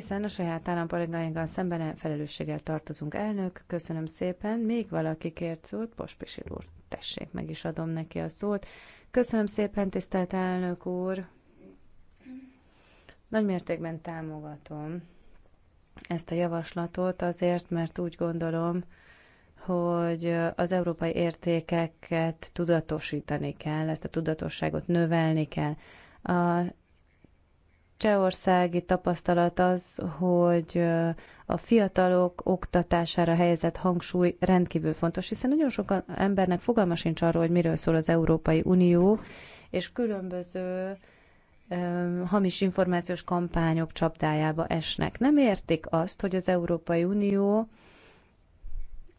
hiszen a saját állampolgáinkkal szemben felelősséggel tartozunk. Elnök, köszönöm szépen. Még valaki kért szót, Pospisil úr, tessék, meg is adom neki a szót. Köszönöm szépen, tisztelt elnök úr. Nagy mértékben támogatom ezt a javaslatot azért, mert úgy gondolom, hogy az európai értékeket tudatosítani kell, ezt a tudatosságot növelni kell. A csehországi tapasztalat az, hogy a fiatalok oktatására helyezett hangsúly rendkívül fontos, hiszen nagyon sok embernek fogalma sincs arról, hogy miről szól az Európai Unió, és különböző hamis információs kampányok csapdájába esnek. Nem értik azt, hogy az Európai Unió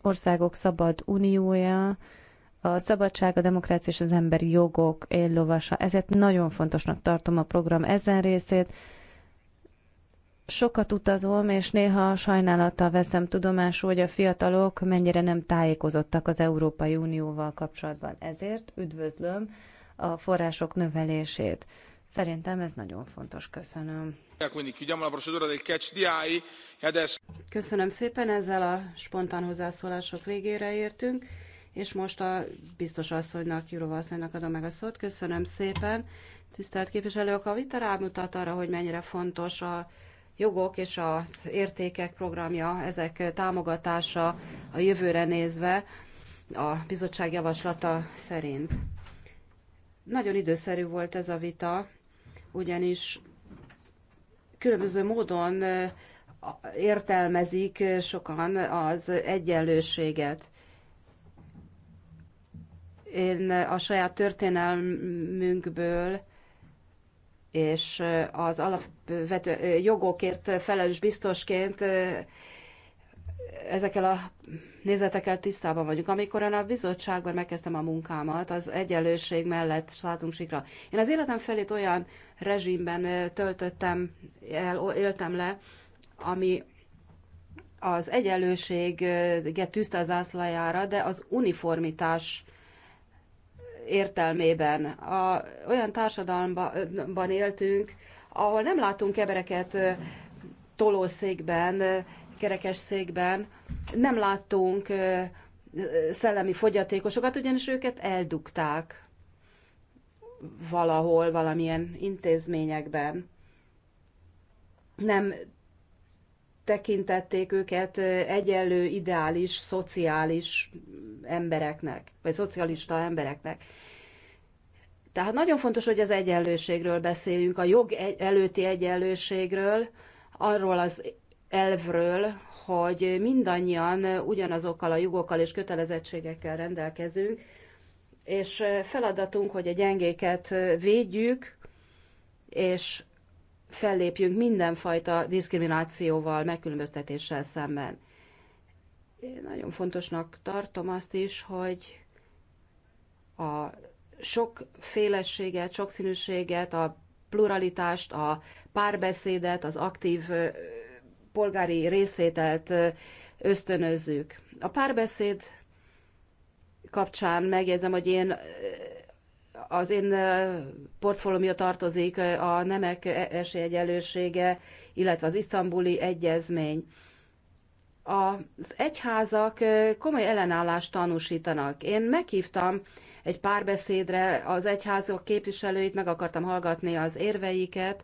országok szabad uniója, a szabadság, a demokrácia és az emberi jogok éllovasa. Ezért nagyon fontosnak tartom a program ezen részét. Sokat utazom, és néha sajnálattal veszem tudomásul, hogy a fiatalok mennyire nem tájékozottak az Európai Unióval kapcsolatban. Ezért üdvözlöm a források növelését. Szerintem ez nagyon fontos. Köszönöm. Köszönöm szépen, ezzel a spontán hozzászólások végére értünk és most a biztos asszonynak, Jurova asszonynak adom meg a szót. Köszönöm szépen. Tisztelt képviselők, a vita rámutat arra, hogy mennyire fontos a jogok és az értékek programja, ezek támogatása a jövőre nézve a bizottság javaslata szerint. Nagyon időszerű volt ez a vita, ugyanis különböző módon értelmezik sokan az egyenlőséget. Én a saját történelmünkből és az alapvető jogokért felelős biztosként ezekkel a nézetekkel tisztában vagyunk. Amikor én a bizottságban megkezdtem a munkámat, az egyenlőség mellett szálltunk sikra. Én az életem felét olyan rezsimben töltöttem el, éltem le, ami az egyenlőséget tűzte az ászlajára, de az uniformitás értelmében. A, olyan társadalomban éltünk, ahol nem látunk embereket tolószékben, kerekesszékben, nem láttunk szellemi fogyatékosokat, ugyanis őket eldugták valahol, valamilyen intézményekben. Nem tekintették őket egyenlő, ideális, szociális embereknek, vagy szocialista embereknek. Tehát nagyon fontos, hogy az egyenlőségről beszéljünk, a jog e- előtti egyenlőségről, arról az elvről, hogy mindannyian ugyanazokkal a jogokkal és kötelezettségekkel rendelkezünk, és feladatunk, hogy a gyengéket védjük, és fellépjünk mindenfajta diszkriminációval, megkülönböztetéssel szemben. Én nagyon fontosnak tartom azt is, hogy a sok sok színűséget, a pluralitást, a párbeszédet, az aktív polgári részvételt ösztönözzük. A párbeszéd kapcsán megjegyzem, hogy én az én portfóliómja tartozik a nemek e- esélyegyelősége, illetve az isztambuli egyezmény. Az egyházak komoly ellenállást tanúsítanak. Én meghívtam egy párbeszédre az egyházok képviselőit, meg akartam hallgatni az érveiket,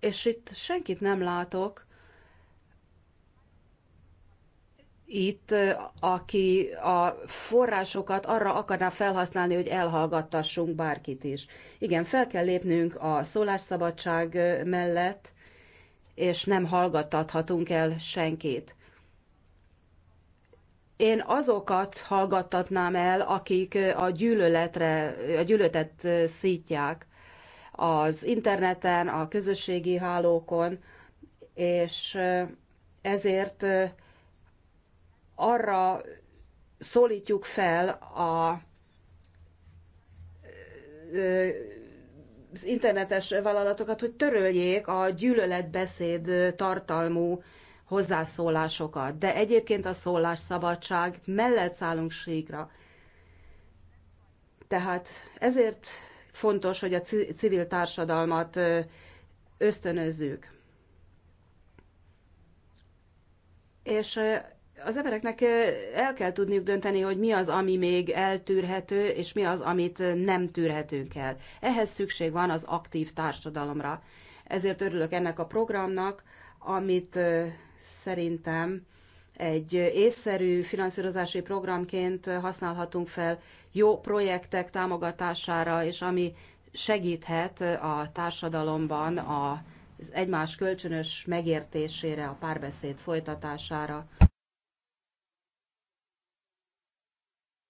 és itt senkit nem látok, itt, aki a forrásokat arra akarná felhasználni, hogy elhallgattassunk bárkit is. Igen, fel kell lépnünk a szólásszabadság mellett, és nem hallgattathatunk el senkit. Én azokat hallgattatnám el, akik a gyűlöletre, a gyűlöletet szítják az interneten, a közösségi hálókon, és ezért arra szólítjuk fel a az internetes vállalatokat, hogy töröljék a gyűlöletbeszéd tartalmú hozzászólásokat. De egyébként a szólásszabadság mellett szállunk síkra. Tehát ezért fontos, hogy a civil társadalmat ösztönözzük. És az embereknek el kell tudniuk dönteni, hogy mi az, ami még eltűrhető, és mi az, amit nem tűrhetünk el. Ehhez szükség van az aktív társadalomra. Ezért örülök ennek a programnak, amit szerintem egy észszerű finanszírozási programként használhatunk fel jó projektek támogatására, és ami segíthet a társadalomban az egymás kölcsönös megértésére, a párbeszéd folytatására.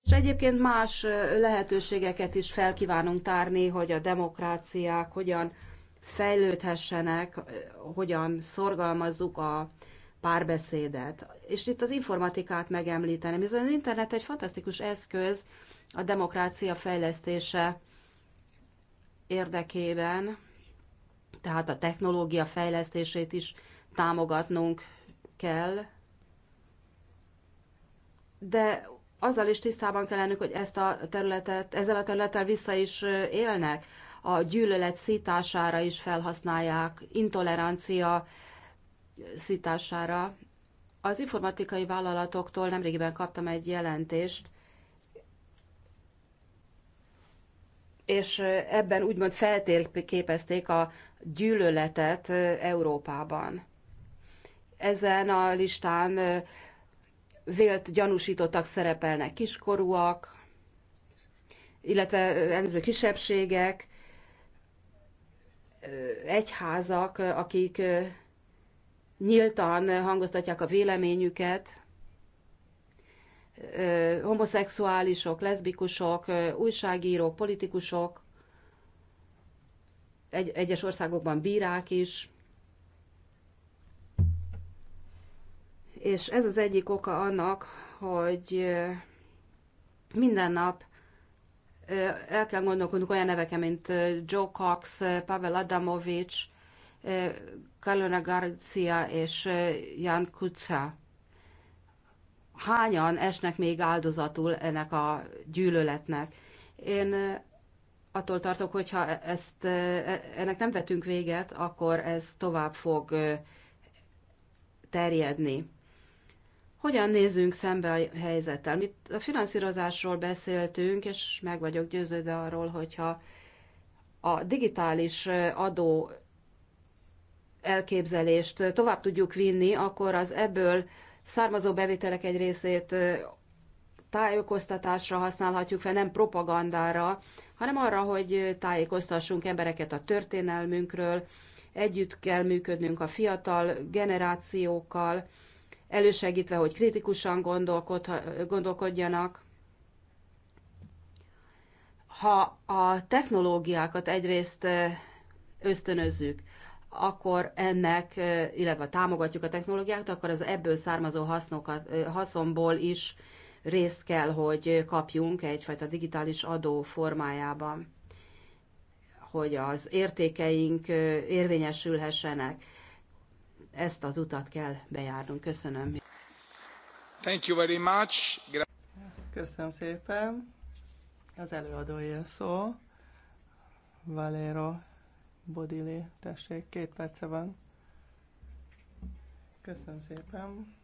És egyébként más lehetőségeket is felkívánunk tárni, hogy a demokráciák hogyan fejlődhessenek, hogyan szorgalmazzuk a párbeszédet. És itt az informatikát megemlíteném, hiszen az internet egy fantasztikus eszköz a demokrácia fejlesztése érdekében, tehát a technológia fejlesztését is támogatnunk kell, de azzal is tisztában kell lennünk, hogy ezt a területet, ezzel a területtel vissza is élnek, a gyűlölet szítására is felhasználják, intolerancia szítására. Az informatikai vállalatoktól nemrégiben kaptam egy jelentést, és ebben úgymond feltérképezték a gyűlöletet Európában. Ezen a listán vélt gyanúsítottak szerepelnek kiskorúak, illetve előző kisebbségek, egyházak, akik nyíltan hangoztatják a véleményüket, homoszexuálisok, leszbikusok, újságírók, politikusok, egy, egyes országokban bírák is. és ez az egyik oka annak, hogy minden nap el kell gondolkodnunk olyan neveken, mint Joe Cox, Pavel Adamovics, Kalona Garcia és Jan Kutza. Hányan esnek még áldozatul ennek a gyűlöletnek? Én attól tartok, hogyha e-, ezt, e-, ennek nem vetünk véget, akkor ez tovább fog terjedni. Hogyan nézzünk szembe a helyzettel? Mi a finanszírozásról beszéltünk, és meg vagyok győződve arról, hogyha a digitális adó elképzelést tovább tudjuk vinni, akkor az ebből származó bevételek egy részét tájékoztatásra használhatjuk fel, nem propagandára, hanem arra, hogy tájékoztassunk embereket a történelmünkről, együtt kell működnünk a fiatal generációkkal, elősegítve, hogy kritikusan gondolkodjanak. Ha a technológiákat egyrészt ösztönözzük, akkor ennek, illetve támogatjuk a technológiát, akkor az ebből származó hasznokat, haszonból is részt kell, hogy kapjunk egyfajta digitális adó formájában, hogy az értékeink érvényesülhessenek ezt az utat kell bejárnunk. Köszönöm. Thank you very much. Köszönöm szépen. Az előadója szó. Valero Bodili, tessék, két perce van. Köszönöm szépen.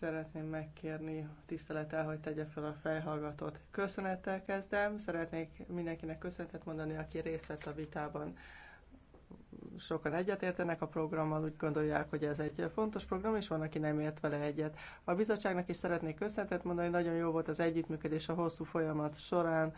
Szeretném megkérni tisztelettel, hogy tegye fel a fejhallgatót. Köszönettel kezdem, szeretnék mindenkinek köszönetet mondani, aki részt vett a vitában sokan egyetértenek a programmal, úgy gondolják, hogy ez egy fontos program, és van, aki nem ért vele egyet. A bizottságnak is szeretnék köszönetet mondani, nagyon jó volt az együttműködés a hosszú folyamat során,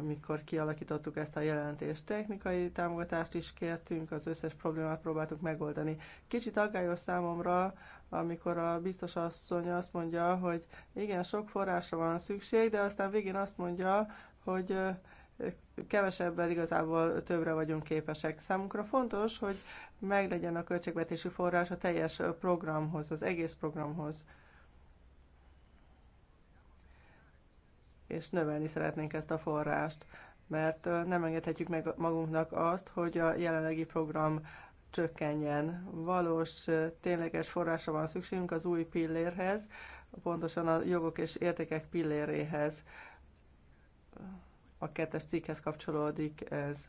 amikor kialakítottuk ezt a jelentést. Technikai támogatást is kértünk, az összes problémát próbáltuk megoldani. Kicsit aggályos számomra, amikor a biztos asszony azt mondja, hogy igen, sok forrásra van szükség, de aztán végén azt mondja, hogy kevesebben igazából többre vagyunk képesek. Számunkra fontos, hogy meglegyen a költségvetési forrás a teljes programhoz, az egész programhoz. És növelni szeretnénk ezt a forrást, mert nem engedhetjük meg magunknak azt, hogy a jelenlegi program csökkenjen. Valós, tényleges forrásra van szükségünk az új pillérhez, pontosan a jogok és értékek pilléréhez a kettes cikkhez kapcsolódik ez.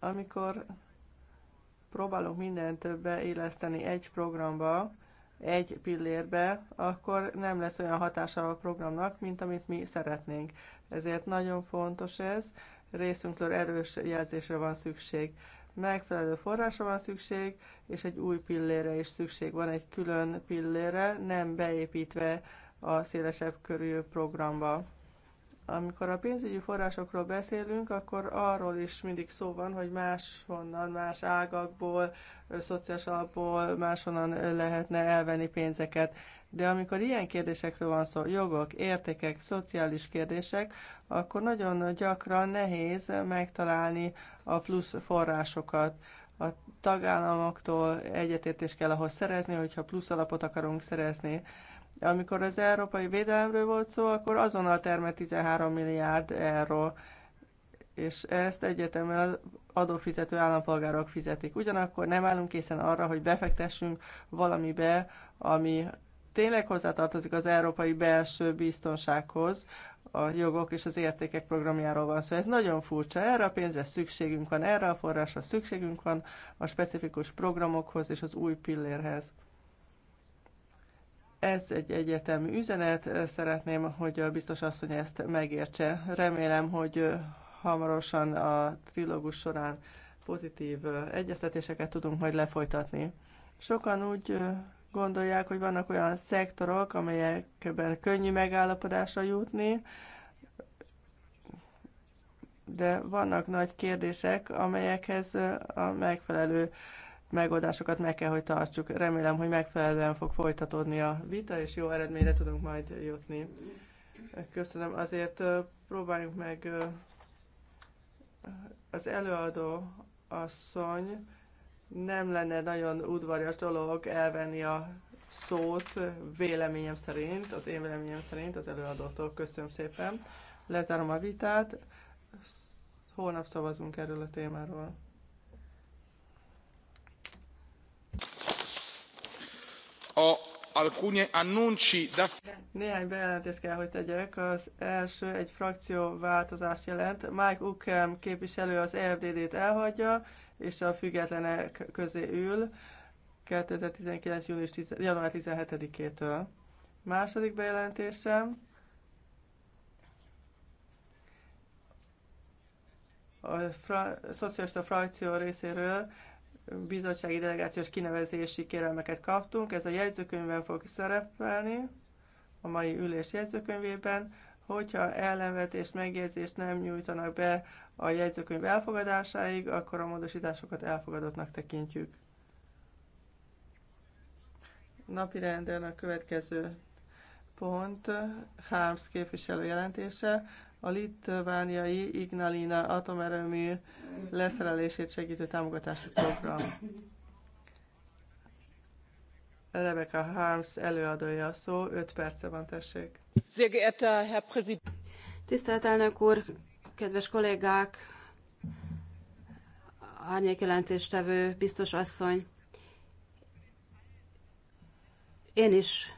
Amikor próbálunk mindent éleszteni egy programba, egy pillérbe, akkor nem lesz olyan hatása a programnak, mint amit mi szeretnénk. Ezért nagyon fontos ez, részünkről erős jelzésre van szükség. Megfelelő forrásra van szükség, és egy új pillére is szükség van, egy külön pillére, nem beépítve a szélesebb körű programba. Amikor a pénzügyi forrásokról beszélünk, akkor arról is mindig szó van, hogy máshonnan, más ágakból, szociális alapból, máshonnan lehetne elvenni pénzeket. De amikor ilyen kérdésekről van szó, jogok, értékek, szociális kérdések, akkor nagyon gyakran nehéz megtalálni a plusz forrásokat. A tagállamoktól egyetértést kell ahhoz szerezni, hogyha plusz alapot akarunk szerezni amikor az európai védelemről volt szó, akkor azonnal termett 13 milliárd euró, és ezt egyetemben az adófizető állampolgárok fizetik. Ugyanakkor nem állunk készen arra, hogy befektessünk valamibe, ami tényleg hozzátartozik az európai belső biztonsághoz, a jogok és az értékek programjáról van szó. Szóval ez nagyon furcsa. Erre a pénzre szükségünk van, erre a forrásra szükségünk van, a specifikus programokhoz és az új pillérhez. Ez egy egyértelmű üzenet, szeretném, hogy a biztos asszony ezt megértse. Remélem, hogy hamarosan a trilógus során pozitív egyeztetéseket tudunk majd lefolytatni. Sokan úgy gondolják, hogy vannak olyan szektorok, amelyekben könnyű megállapodásra jutni, de vannak nagy kérdések, amelyekhez a megfelelő megoldásokat meg kell, hogy tartsuk. Remélem, hogy megfelelően fog folytatódni a vita, és jó eredményre tudunk majd jutni. Köszönöm. Azért próbáljunk meg az előadó asszony nem lenne nagyon udvarias dolog elvenni a szót véleményem szerint, az én véleményem szerint az előadótól. Köszönöm szépen. Lezárom a vitát. Holnap szavazunk erről a témáról. ho alcuni annunci da... Néhány bejelentést kell, hogy tegyek. Az első egy frakció változást jelent. Mike Ukem képviselő az EFDD-t elhagyja, és a függetlenek közé ül 2019. Június 10, január 17-től. Második bejelentésem. A fra, szocialista frakció részéről bizottsági delegációs kinevezési kérelmeket kaptunk. Ez a jegyzőkönyvben fog szerepelni, a mai ülés jegyzőkönyvében. Hogyha ellenvetést, megjegyzést nem nyújtanak be a jegyzőkönyv elfogadásáig, akkor a módosításokat elfogadottnak tekintjük. Napi renden a következő pont, Harms képviselő jelentése, a litvániai Ignalina atomerőmű leszerelését segítő támogatási program. Rebecca Harms előadója a szó, 5 perce van, tessék. Tisztelt elnök úr, kedves kollégák, árnyékjelentéstevő, biztos asszony, én is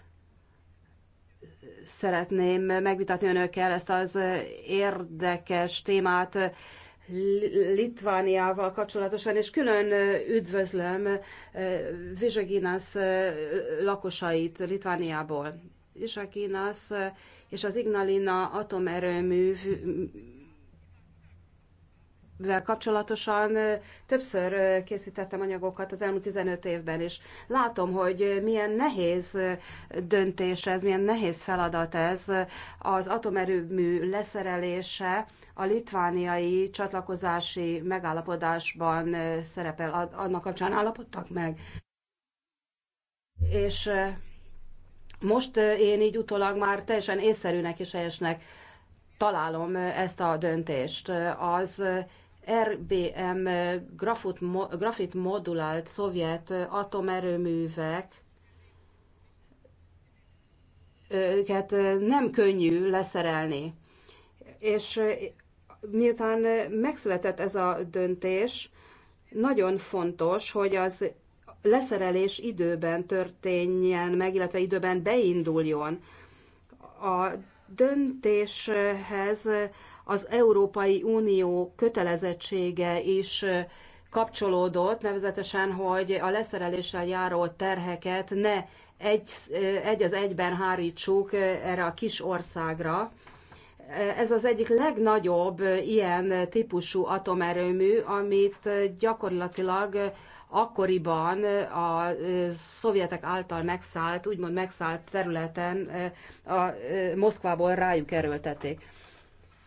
szeretném megvitatni önökkel ezt az érdekes témát Litvániával kapcsolatosan, és külön üdvözlöm eh, Vizsaginas eh, lakosait Litvániából. Vizsaginas eh, és az Ignalina atomerőmű vel kapcsolatosan többször készítettem anyagokat az elmúlt 15 évben, és látom, hogy milyen nehéz döntés ez, milyen nehéz feladat ez az atomerőmű leszerelése a litvániai csatlakozási megállapodásban szerepel, annak kapcsán állapodtak meg. És most én így utólag már teljesen észszerűnek és helyesnek találom ezt a döntést. Az RBM eh, grafut, grafit modulált szovjet eh, atomerőművek eh, őket nem könnyű leszerelni. És miután megszületett ez a döntés, nagyon fontos, hogy az leszerelés időben történjen meg, illetve időben beinduljon. A döntéshez az Európai Unió kötelezettsége is kapcsolódott, nevezetesen, hogy a leszereléssel járó terheket ne egy, egy az egyben hárítsuk erre a kis országra. Ez az egyik legnagyobb ilyen típusú atomerőmű, amit gyakorlatilag akkoriban a szovjetek által megszállt, úgymond megszállt területen a Moszkvából rájuk erőltették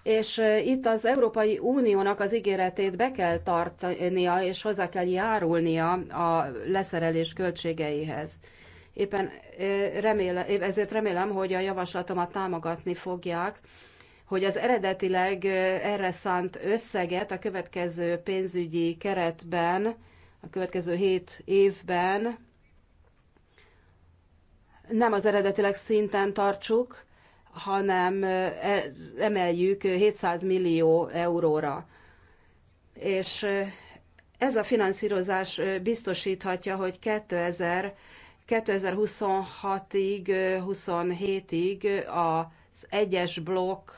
és itt az Európai Uniónak az ígéretét be kell tartania, és hozzá kell járulnia a leszerelés költségeihez. Éppen remélem, ezért remélem, hogy a javaslatomat támogatni fogják, hogy az eredetileg erre szánt összeget a következő pénzügyi keretben, a következő hét évben nem az eredetileg szinten tartsuk, hanem e, emeljük 700 millió euróra. És ez a finanszírozás biztosíthatja, hogy 2000 2026-ig, 27-ig az egyes blokk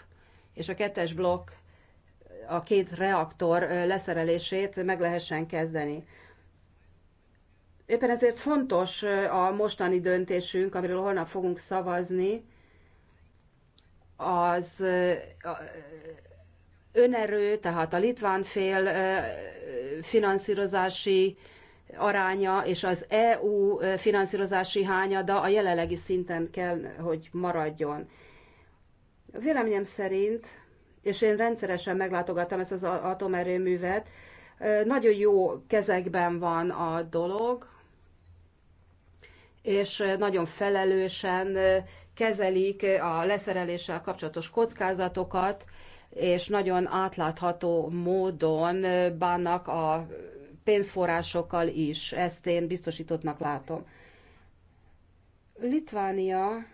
és a kettes blokk a két reaktor leszerelését meg lehessen kezdeni. Éppen ezért fontos a mostani döntésünk, amiről holnap fogunk szavazni, az önerő, tehát a litván fél finanszírozási aránya és az EU finanszírozási hányada a jelenlegi szinten kell, hogy maradjon. Véleményem szerint, és én rendszeresen meglátogattam ezt az atomerőművet, nagyon jó kezekben van a dolog, és nagyon felelősen kezelik a leszereléssel kapcsolatos kockázatokat, és nagyon átlátható módon bánnak a pénzforrásokkal is. Ezt én biztosítottnak látom. Litvánia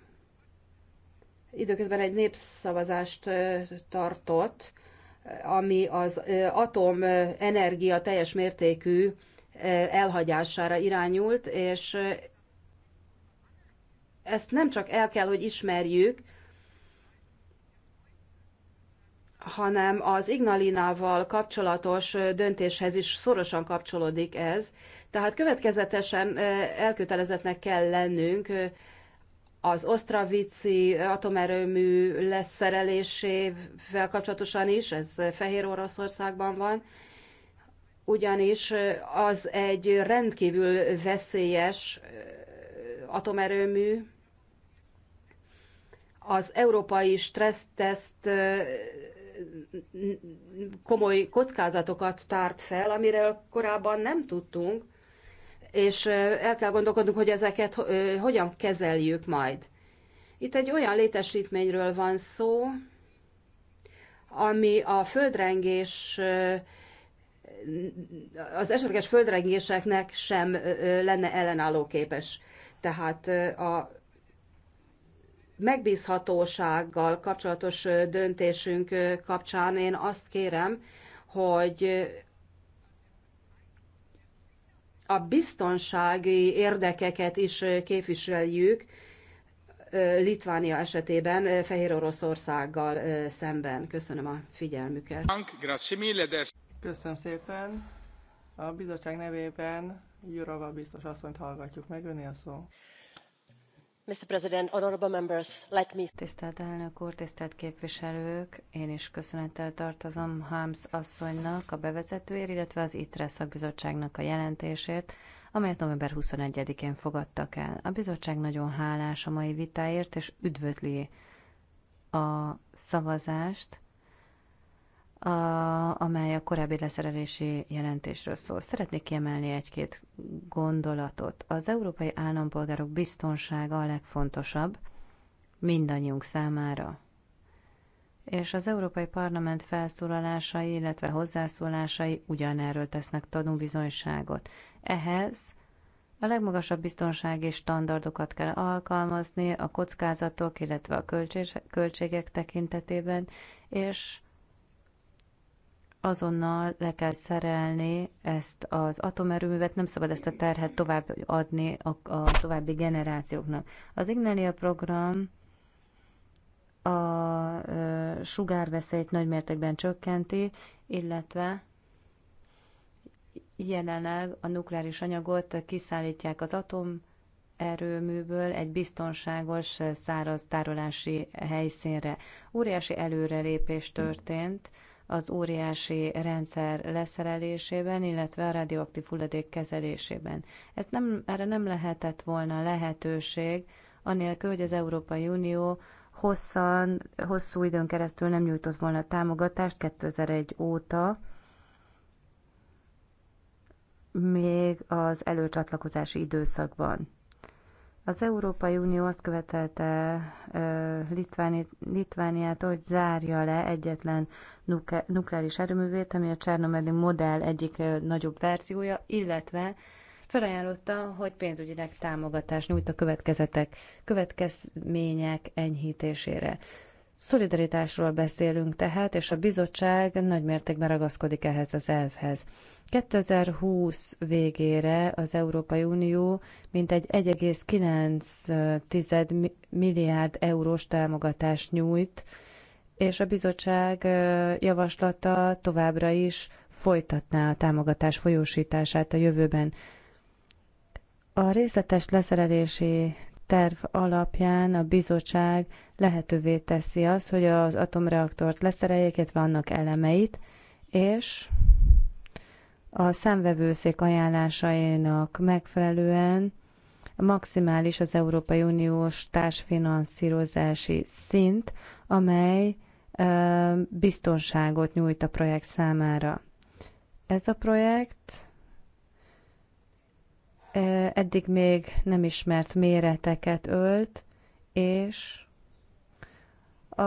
időközben egy népszavazást tartott, ami az atomenergia teljes mértékű elhagyására irányult, és ezt nem csak el kell, hogy ismerjük, hanem az Ignalinával kapcsolatos döntéshez is szorosan kapcsolódik ez. Tehát következetesen elkötelezettnek kell lennünk az Osztravici atomerőmű leszerelésével kapcsolatosan is, ez Fehér Oroszországban van, ugyanis az egy rendkívül veszélyes atomerőmű, az európai stresszteszt komoly kockázatokat tárt fel, amiről korábban nem tudtunk, és el kell gondolkodnunk, hogy ezeket hogyan kezeljük majd. Itt egy olyan létesítményről van szó, ami a földrengés, az esetleges földrengéseknek sem lenne ellenálló képes. Tehát a megbízhatósággal kapcsolatos döntésünk kapcsán én azt kérem, hogy a biztonsági érdekeket is képviseljük Litvánia esetében Fehér Oroszországgal szemben. Köszönöm a figyelmüket. Köszönöm szépen. A bizottság nevében Jurova biztos asszonyt hallgatjuk meg, öné a szó. Tisztelt elnök úr, tisztelt képviselők! Én is köszönettel tartozom Harms asszonynak a bevezetőért, illetve az ITRE szakbizottságnak a jelentésért, amelyet november 21-én fogadtak el. A bizottság nagyon hálás a mai vitáért, és üdvözli a szavazást, a, amely a korábbi leszerelési jelentésről szól. Szeretnék kiemelni egy-két gondolatot. Az európai állampolgárok biztonsága a legfontosabb mindannyiunk számára. És az Európai Parlament felszólalásai, illetve hozzászólásai ugyanerről tesznek tanúbizonyságot. Ehhez a legmagasabb biztonsági standardokat kell alkalmazni a kockázatok, illetve a költség, költségek tekintetében, és azonnal le kell szerelni ezt az atomerőművet, nem szabad ezt a terhet tovább adni a, a további generációknak. Az Ignelia program a ö, sugárveszélyt nagymértékben csökkenti, illetve jelenleg a nukleáris anyagot kiszállítják az atomerőműből egy biztonságos száraz tárolási helyszínre. Óriási előrelépés történt. Mm az óriási rendszer leszerelésében, illetve a radioaktív hulladék kezelésében. Ez nem, erre nem lehetett volna lehetőség, anélkül, hogy az Európai Unió hosszan, hosszú időn keresztül nem nyújtott volna támogatást 2001 óta, még az előcsatlakozási időszakban. Az Európai Unió azt követelte Litváni, Litvániától, hogy zárja le egyetlen nukleáris erőművét, ami a Csernomedi modell egyik nagyobb verziója, illetve felajánlotta, hogy pénzügyileg támogatást nyújt a következetek, következmények enyhítésére. Szolidaritásról beszélünk tehát, és a bizottság nagy mértékben ragaszkodik ehhez az elvhez. 2020 végére az Európai Unió mintegy 1,9 milliárd eurós támogatást nyújt, és a bizottság javaslata továbbra is folytatná a támogatás folyósítását a jövőben. A részletes leszerelési terv alapján a bizottság lehetővé teszi azt, hogy az atomreaktort leszereljék, illetve annak elemeit, és a számvevőszék ajánlásainak megfelelően maximális az Európai Uniós társfinanszírozási szint, amely biztonságot nyújt a projekt számára. Ez a projekt eddig még nem ismert méreteket ölt, és a,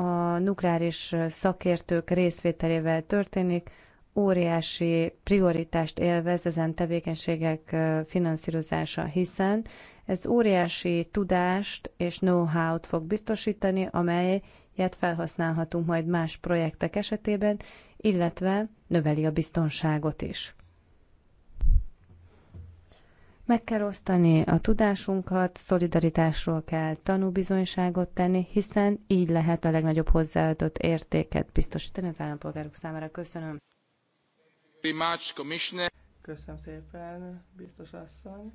a nukleáris szakértők részvételével történik, óriási prioritást élvez ezen tevékenységek finanszírozása, hiszen ez óriási tudást és know-how-t fog biztosítani, amelyet felhasználhatunk majd más projektek esetében, illetve növeli a biztonságot is. Meg kell osztani a tudásunkat, szolidaritásról kell tanúbizonyságot tenni, hiszen így lehet a legnagyobb hozzáadott értéket biztosítani az állampolgárok számára. Köszönöm. Köszönöm szépen, biztos asszony.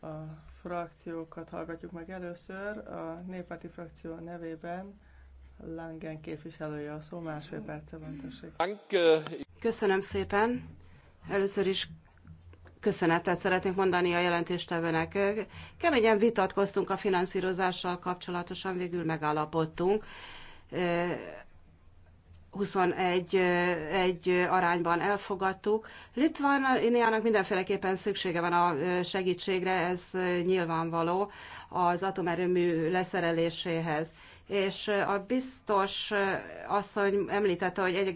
A frakciókat hallgatjuk meg először. A néppárti frakció nevében Langen képviselője a szó, másfél perce van, tessék. Köszönöm szépen. Először is köszönetet szeretnék mondani a jelentéstevőnek. Keményen vitatkoztunk a finanszírozással kapcsolatosan, végül megállapodtunk. 21 egy arányban elfogadtuk. Litvániának mindenféleképpen szüksége van a segítségre, ez nyilvánvaló az atomerőmű leszereléséhez. És a biztos asszony említette, hogy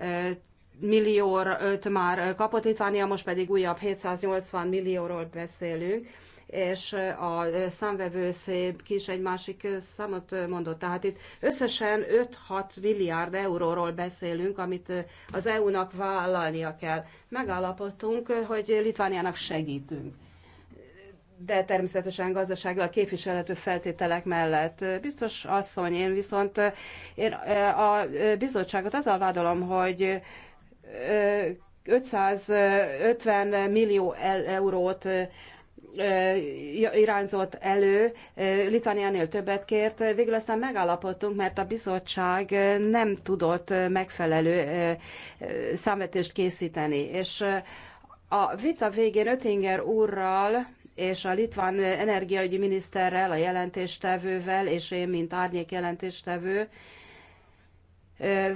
1,9 milliót már kapott Litvánia, most pedig újabb 780 millióról beszélünk és a számvevőszék is egy másik számot mondott. Tehát itt összesen 5-6 milliárd euróról beszélünk, amit az EU-nak vállalnia kell. Megállapodtunk, hogy Litvániának segítünk de természetesen gazdasággal képviselhető feltételek mellett. Biztos asszony, én viszont én a bizottságot azzal vádolom, hogy 550 millió eurót irányzott elő, Litvániánél többet kért. Végül aztán megállapodtunk, mert a bizottság nem tudott megfelelő számvetést készíteni. És a vita végén Ötinger úrral és a litván energiaügyi miniszterrel, a jelentéstevővel, és én, mint árnyék jelentéstevő,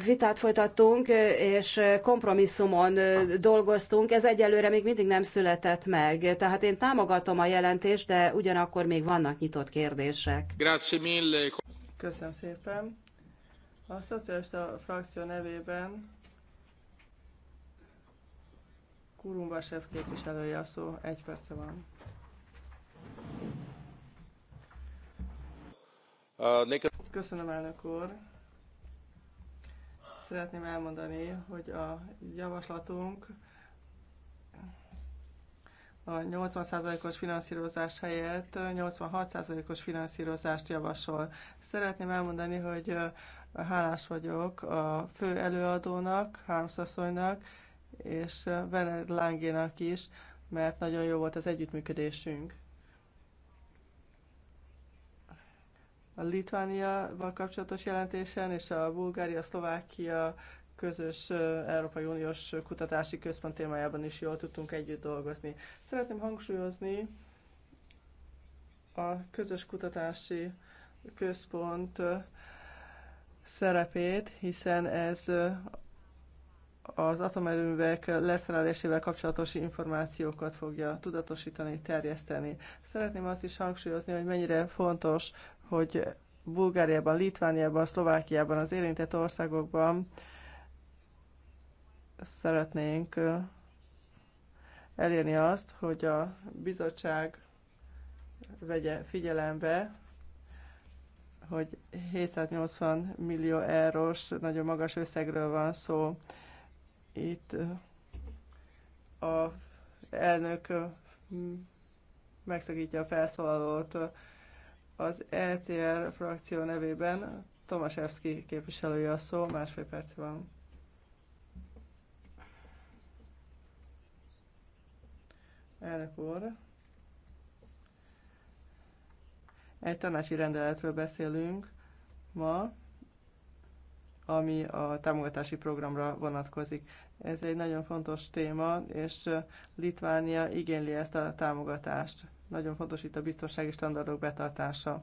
vitát folytattunk, és kompromisszumon dolgoztunk, ez egyelőre még mindig nem született meg. Tehát én támogatom a jelentést, de ugyanakkor még vannak nyitott kérdések. Köszönöm szépen. A szocialista frakció nevében Kurumbasev képviselője a szó, egy perce van. Uh, Köszönöm, elnök úr szeretném elmondani, hogy a javaslatunk a 80%-os finanszírozás helyett 86%-os finanszírozást javasol. Szeretném elmondani, hogy hálás vagyok a fő előadónak, Hármszaszonynak és Vener Lángénak is, mert nagyon jó volt az együttműködésünk. a Litvániával kapcsolatos jelentésen és a Bulgária-Szlovákia közös Európai Uniós kutatási központ témájában is jól tudtunk együtt dolgozni. Szeretném hangsúlyozni a közös kutatási központ szerepét, hiszen ez az atomerőművek leszerelésével kapcsolatos információkat fogja tudatosítani, terjeszteni. Szeretném azt is hangsúlyozni, hogy mennyire fontos hogy Bulgáriában, Litvániában, Szlovákiában, az érintett országokban szeretnénk elérni azt, hogy a bizottság vegye figyelembe, hogy 780 millió eurós nagyon magas összegről van szó. Itt a elnök megszakítja a felszólalót, az LTR e frakció nevében Tomaszewski képviselője a szó, másfél perc van. Elnök úr, egy tanácsi rendeletről beszélünk ma, ami a támogatási programra vonatkozik. Ez egy nagyon fontos téma, és Litvánia igényli ezt a támogatást. Nagyon fontos itt a biztonsági standardok betartása.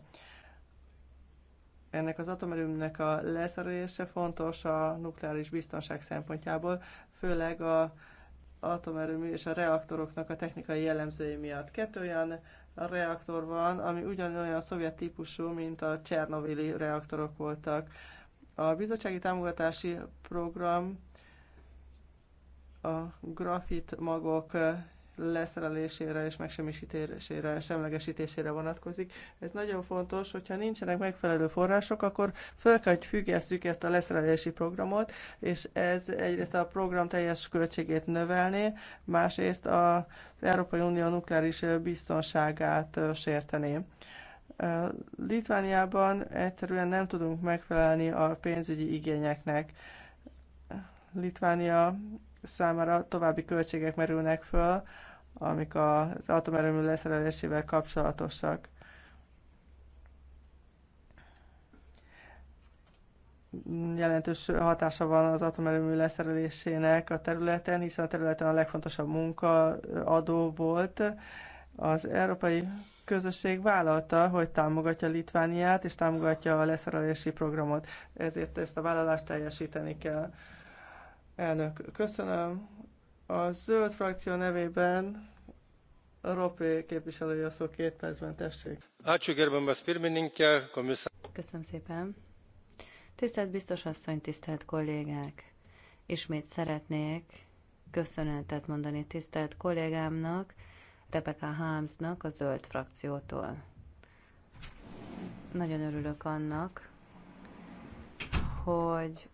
Ennek az atomerőműnek a leszerelése fontos a nukleáris biztonság szempontjából, főleg a atomerőmű és a reaktoroknak a technikai jellemzői miatt. Kettő olyan reaktor van, ami ugyanolyan szovjet típusú, mint a Csernovili reaktorok voltak. A bizottsági támogatási program a grafit magok leszerelésére és megsemmisítésére, semlegesítésére vonatkozik. Ez nagyon fontos, hogyha nincsenek megfelelő források, akkor fel kell, hogy függesszük ezt a leszerelési programot, és ez egyrészt a program teljes költségét növelné, másrészt az Európai Unió nukleáris biztonságát sértené. Litvániában egyszerűen nem tudunk megfelelni a pénzügyi igényeknek. Litvánia számára további költségek merülnek föl, amik az atomerőmű leszerelésével kapcsolatosak. jelentős hatása van az atomerőmű leszerelésének a területen, hiszen a területen a legfontosabb munkaadó volt. Az európai közösség vállalta, hogy támogatja Litvániát és támogatja a leszerelési programot, ezért ezt a vállalást teljesíteni kell. Elnök, köszönöm. A zöld frakció nevében Ropé képviselője a szó két percben, tessék. Köszönöm szépen. Tisztelt biztos asszony, tisztelt kollégák! Ismét szeretnék köszönetet mondani tisztelt kollégámnak, Rebecca Hámznak a zöld frakciótól. Nagyon örülök annak, hogy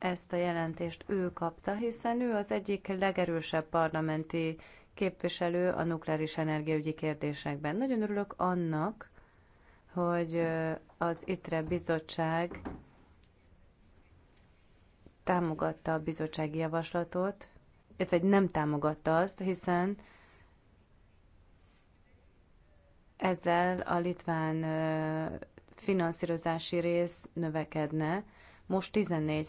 ezt a jelentést ő kapta, hiszen ő az egyik legerősebb parlamenti képviselő a nukleáris energiaügyi kérdésekben. Nagyon örülök annak, hogy az ITRE bizottság támogatta a bizottsági javaslatot, illetve nem támogatta azt, hiszen ezzel a litván finanszírozási rész növekedne, most 14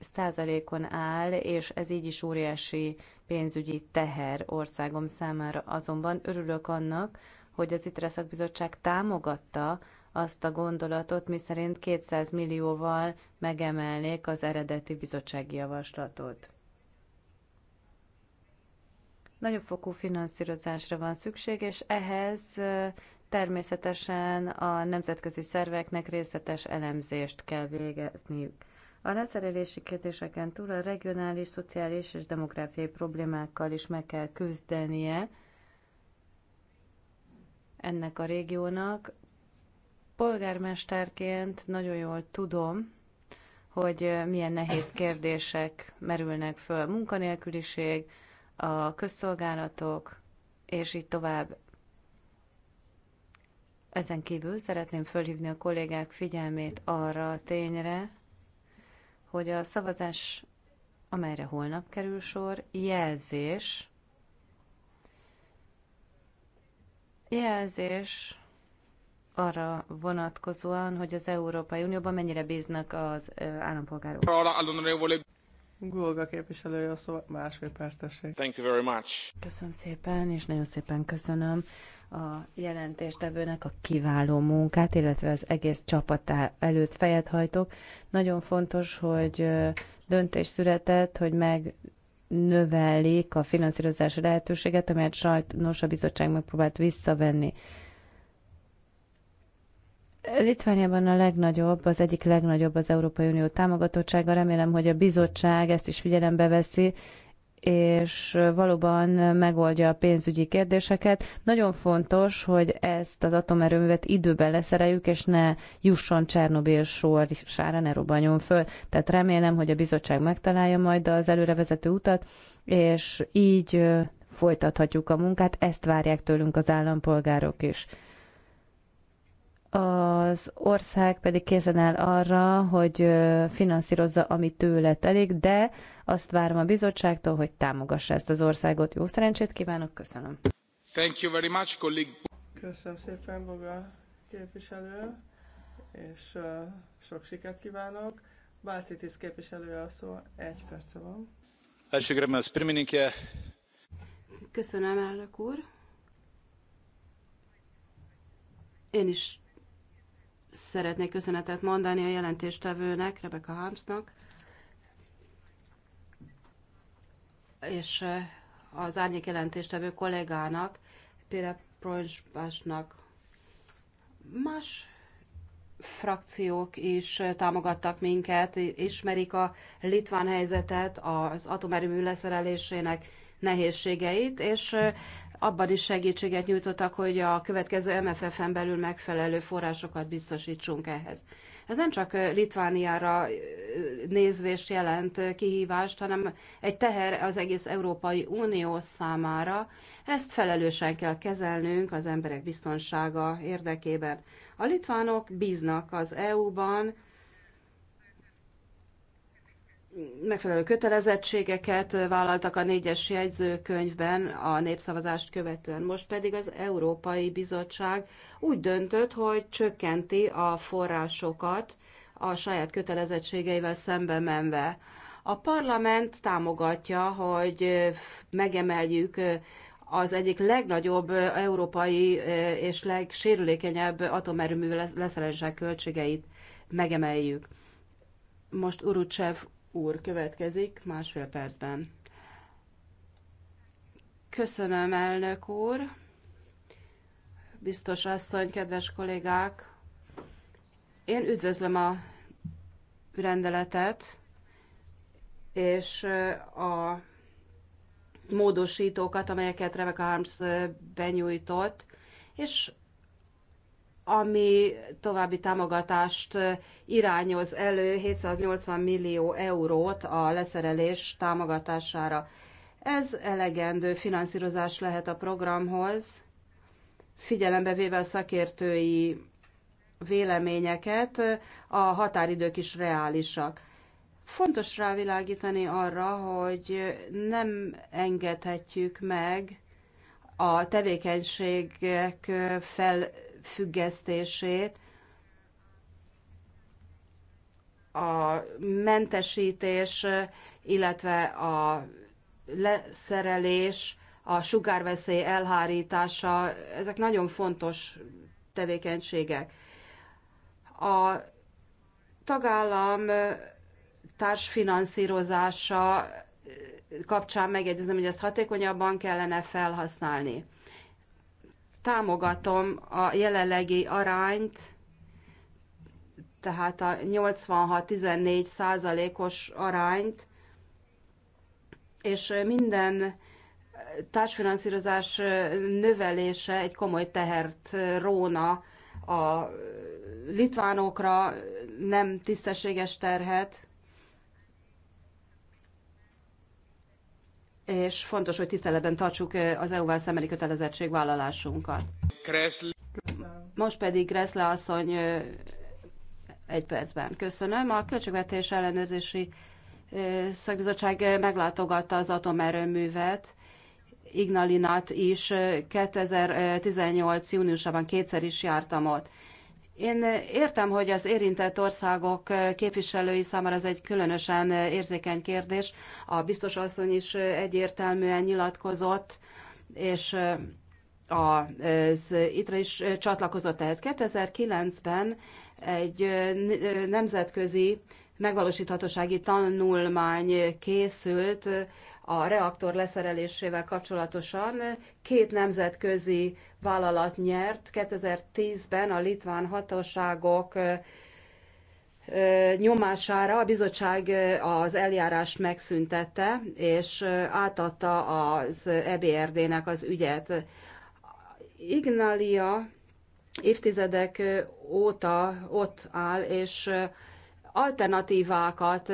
százalékon áll, és ez így is óriási pénzügyi teher országom számára. Azonban örülök annak, hogy az ITRE szakbizottság támogatta azt a gondolatot, miszerint 200 millióval megemelnék az eredeti bizottsági javaslatot. Nagyobb fokú finanszírozásra van szükség, és ehhez Természetesen a nemzetközi szerveknek részletes elemzést kell végezniük. A leszerelési kérdéseken túl a regionális, szociális és demográfiai problémákkal is meg kell küzdenie ennek a régiónak. Polgármesterként nagyon jól tudom, hogy milyen nehéz kérdések merülnek föl. Munkanélküliség, a közszolgálatok, és így tovább. Ezen kívül szeretném fölhívni a kollégák figyelmét arra a tényre, hogy a szavazás, amelyre holnap kerül sor, jelzés, jelzés arra vonatkozóan, hogy az Európai Unióban mennyire bíznak az állampolgárok. Gulga képviselője a szó, másfél perc tessék. Thank you very much. Köszönöm szépen, és nagyon szépen köszönöm a jelentéstevőnek a kiváló munkát, illetve az egész csapat előtt fejet hajtok. Nagyon fontos, hogy döntés született, hogy meg növelik a finanszírozási lehetőséget, amelyet sajnos a bizottság megpróbált visszavenni. Litvániában a legnagyobb, az egyik legnagyobb az Európai Unió támogatottsága. Remélem, hogy a bizottság ezt is figyelembe veszi, és valóban megoldja a pénzügyi kérdéseket. Nagyon fontos, hogy ezt az atomerőművet időben leszereljük, és ne jusson Csernobil sorsára, ne robbanjon föl. Tehát remélem, hogy a bizottság megtalálja majd az előrevezető utat, és így folytathatjuk a munkát, ezt várják tőlünk az állampolgárok is az ország pedig készen áll arra, hogy finanszírozza, ami tőle telik, de azt várom a bizottságtól, hogy támogassa ezt az országot. Jó szerencsét kívánok, köszönöm. Thank you very much, colleague. Köszönöm szépen, Boga képviselő, és uh, sok sikert kívánok. Bálci tiszt képviselő a szó, egy perce van. Köszönöm, elnök úr. Én is szeretnék köszönetet mondani a jelentéstevőnek, Rebecca Harmsnak, és eh, az árnyék jelentéstevő kollégának, Pére Proinsbásnak. Más frakciók is támogattak minket, ismerik a litván helyzetet, az atomerőmű leszerelésének nehézségeit, és eh, abban is segítséget nyújtottak, hogy a következő MFF-en belül megfelelő forrásokat biztosítsunk ehhez. Ez nem csak Litvániára nézvést jelent kihívást, hanem egy teher az egész Európai Unió számára. Ezt felelősen kell kezelnünk az emberek biztonsága érdekében. A litvánok bíznak az EU-ban, megfelelő kötelezettségeket vállaltak a négyes jegyzőkönyvben a népszavazást követően. Most pedig az Európai Bizottság úgy döntött, hogy csökkenti a forrásokat a saját kötelezettségeivel szembe menve. A parlament támogatja, hogy megemeljük az egyik legnagyobb európai és legsérülékenyebb atomerőmű leszerelések költségeit megemeljük. Most Urucsev úr következik másfél percben. Köszönöm, elnök úr, biztos asszony, kedves kollégák. Én üdvözlöm a rendeletet, és a módosítókat, amelyeket Rebecca Harms benyújtott, és ami további támogatást irányoz elő 780 millió eurót a leszerelés támogatására. Ez elegendő finanszírozás lehet a programhoz, figyelembe véve a szakértői véleményeket, a határidők is reálisak. Fontos rávilágítani arra, hogy nem engedhetjük meg a tevékenységek fel függesztését, a mentesítés, illetve a leszerelés, a sugárveszély elhárítása, ezek nagyon fontos tevékenységek. A tagállam társfinanszírozása kapcsán megjegyezem, hogy ezt hatékonyabban kellene felhasználni támogatom a jelenlegi arányt, tehát a 86-14 százalékos arányt, és minden társfinanszírozás növelése egy komoly tehert róna a litvánokra, nem tisztességes terhet, és fontos, hogy tiszteletben tartsuk az EU-val szemeli kötelezettségvállalásunkat. Most pedig Kreszle asszony egy percben. Köszönöm. A Költségvetés Ellenőrzési Szakbizottság meglátogatta az atomerőművet, Ignalinát is 2018. júniusában kétszer is jártam ott. Én értem, hogy az érintett országok képviselői számára ez egy különösen érzékeny kérdés. A biztos asszony is egyértelműen nyilatkozott, és az ITRA is csatlakozott ehhez. 2009-ben egy nemzetközi megvalósíthatósági tanulmány készült a reaktor leszerelésével kapcsolatosan két nemzetközi vállalat nyert. 2010-ben a litván hatóságok nyomására a bizottság az eljárást megszüntette, és átadta az EBRD-nek az ügyet. Ignalia évtizedek óta ott áll, és alternatívákat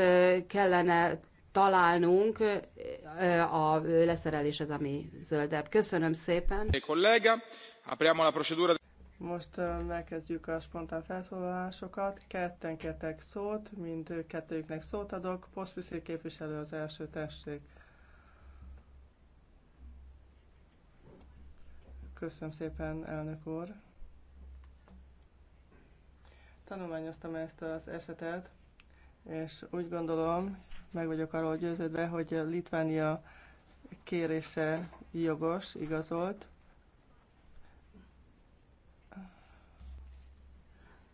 kellene találnunk, a leszereléshez, ami zöldebb. Köszönöm szépen. Most megkezdjük a spontán felszólalásokat. Ketten kettek szót, mind kettőjüknek szót adok. Poszpiszi képviselő az első tessék. Köszönöm szépen, elnök úr. Tanulmányoztam ezt az esetet, és úgy gondolom, meg vagyok arról győződve, hogy Litvánia kérése jogos, igazolt.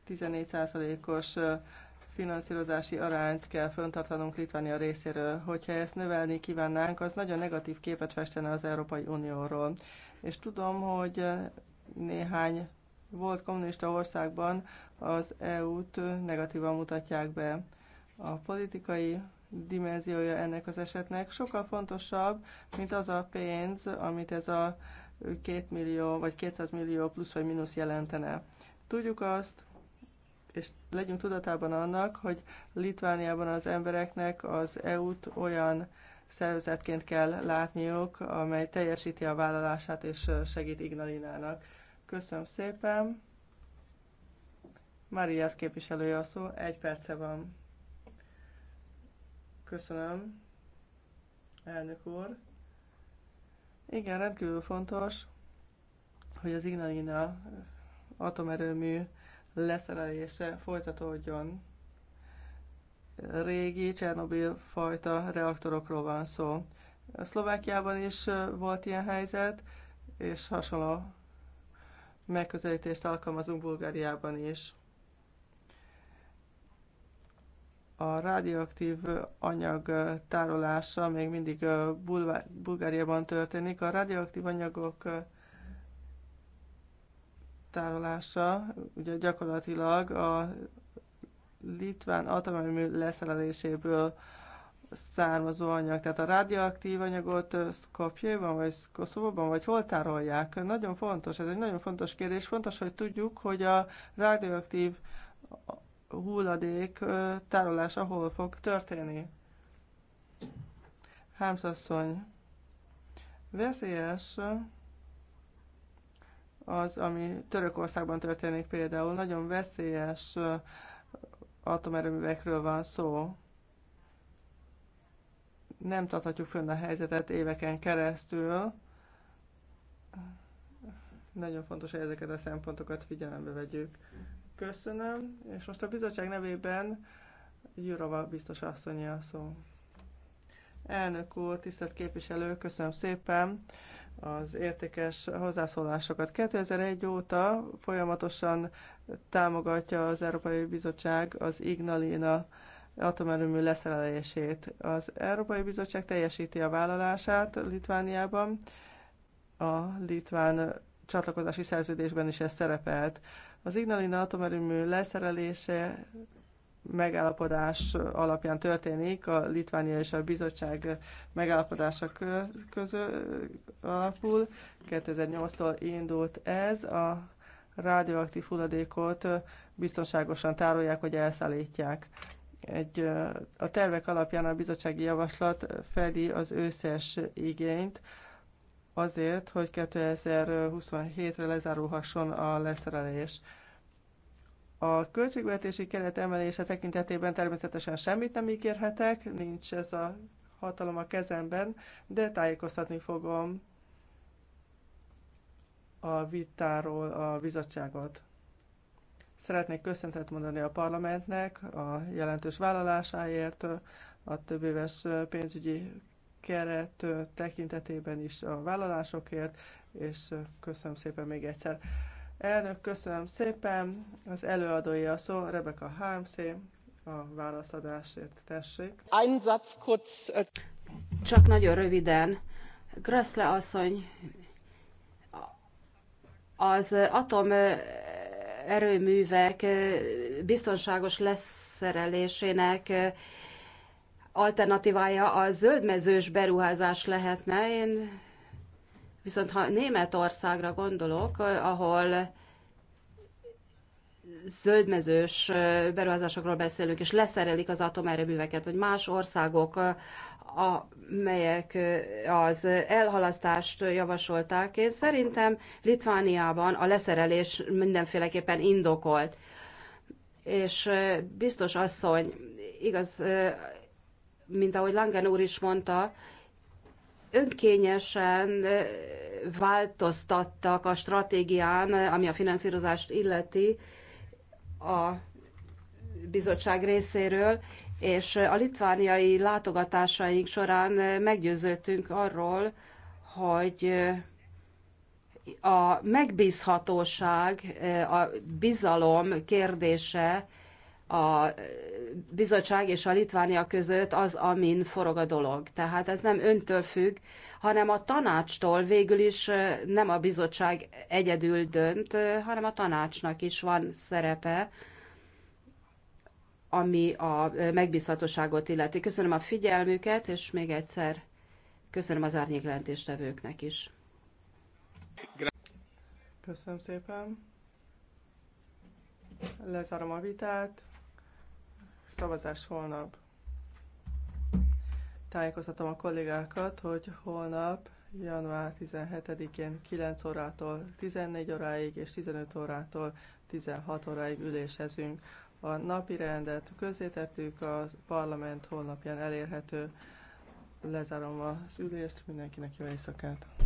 14%-os finanszírozási arányt kell föntartanunk Litvánia részéről. Hogyha ezt növelni kívánnánk, az nagyon negatív képet festene az Európai Unióról. És tudom, hogy néhány volt kommunista országban az EU-t negatívan mutatják be. A politikai dimenziója ennek az esetnek. Sokkal fontosabb, mint az a pénz, amit ez a 2 millió vagy 200 millió plusz vagy mínusz jelentene. Tudjuk azt, és legyünk tudatában annak, hogy Litvániában az embereknek az EU-t olyan szervezetként kell látniuk, amely teljesíti a vállalását és segít Ignalinának. Köszönöm szépen! Marias képviselője a szó, egy perce van. Köszönöm, elnök úr. Igen, rendkívül fontos, hogy az Ignalina atomerőmű leszerelése folytatódjon. Régi Csernobil fajta reaktorokról van szó. A Szlovákiában is volt ilyen helyzet, és hasonló megközelítést alkalmazunk Bulgáriában is. a radioaktív anyag tárolása még mindig Bulvá- Bulgáriában történik. A radioaktív anyagok tárolása ugye gyakorlatilag a litván atomerőmű leszereléséből származó anyag. Tehát a radioaktív anyagot Skopjéban, vagy Koszovóban, vagy hol tárolják? Nagyon fontos, ez egy nagyon fontos kérdés. Fontos, hogy tudjuk, hogy a radioaktív hulladék tárolása hol fog történni. Hámszasszony, veszélyes az, ami Törökországban történik például. Nagyon veszélyes atomerőművekről van szó. Nem tarthatjuk fönn a helyzetet éveken keresztül. Nagyon fontos, hogy ezeket a szempontokat figyelembe vegyük. Köszönöm, és most a bizottság nevében Jurova biztos asszonyi a szó. Elnök úr, tisztelt képviselő, köszönöm szépen az értékes hozzászólásokat. 2001 óta folyamatosan támogatja az Európai Bizottság az Ignalina atomerőmű leszerelését. Az Európai Bizottság teljesíti a vállalását Litvániában, a litván csatlakozási szerződésben is ez szerepelt. Az Ignalina atomerőmű leszerelése megállapodás alapján történik, a Litvánia és a bizottság megállapodása közül alapul. 2008-tól indult ez, a rádióaktív hulladékot biztonságosan tárolják, hogy elszállítják. Egy, a tervek alapján a bizottsági javaslat fedi az összes igényt, azért, hogy 2027-re lezárulhasson a leszerelés. A költségvetési keret emelése tekintetében természetesen semmit nem ígérhetek, nincs ez a hatalom a kezemben, de tájékoztatni fogom a vitáról a bizottságot. Szeretnék köszöntet mondani a parlamentnek a jelentős vállalásáért, a több éves pénzügyi keret tekintetében is a vállalásokért, és köszönöm szépen még egyszer. Elnök, köszönöm szépen. Az előadói a szó, Rebecca Harmsé, a válaszadásért tessék. Csak nagyon röviden. Grössle asszony az atom erőművek biztonságos leszerelésének alternatívája a zöldmezős beruházás lehetne. Én viszont ha Németországra gondolok, ahol zöldmezős beruházásokról beszélünk, és leszerelik az atomerőműveket, vagy más országok, amelyek az elhalasztást javasolták. Én szerintem Litvániában a leszerelés mindenféleképpen indokolt. És biztos asszony, igaz, mint ahogy Langen úr is mondta, önkényesen eh, változtattak a stratégián, eh, ami a finanszírozást illeti a bizottság részéről, és eh, a litvániai látogatásaink során meggyőződtünk arról, hogy a megbízhatóság, a bizalom kérdése a bizottság és a Litvánia között az, amin forog a dolog. Tehát ez nem öntől függ, hanem a tanácstól végül is nem a bizottság egyedül dönt, hanem a tanácsnak is van szerepe, ami a megbízhatóságot illeti. Köszönöm a figyelmüket, és még egyszer köszönöm az árnyéklentéstevőknek is. Köszönöm szépen. Lezárom a vitát szavazás holnap. Tájékoztatom a kollégákat, hogy holnap január 17-én 9 órától 14 óráig és 15 órától 16 óráig ülésezünk. A napi rendet közzétettük, a parlament holnapján elérhető. Lezárom az ülést, mindenkinek jó éjszakát!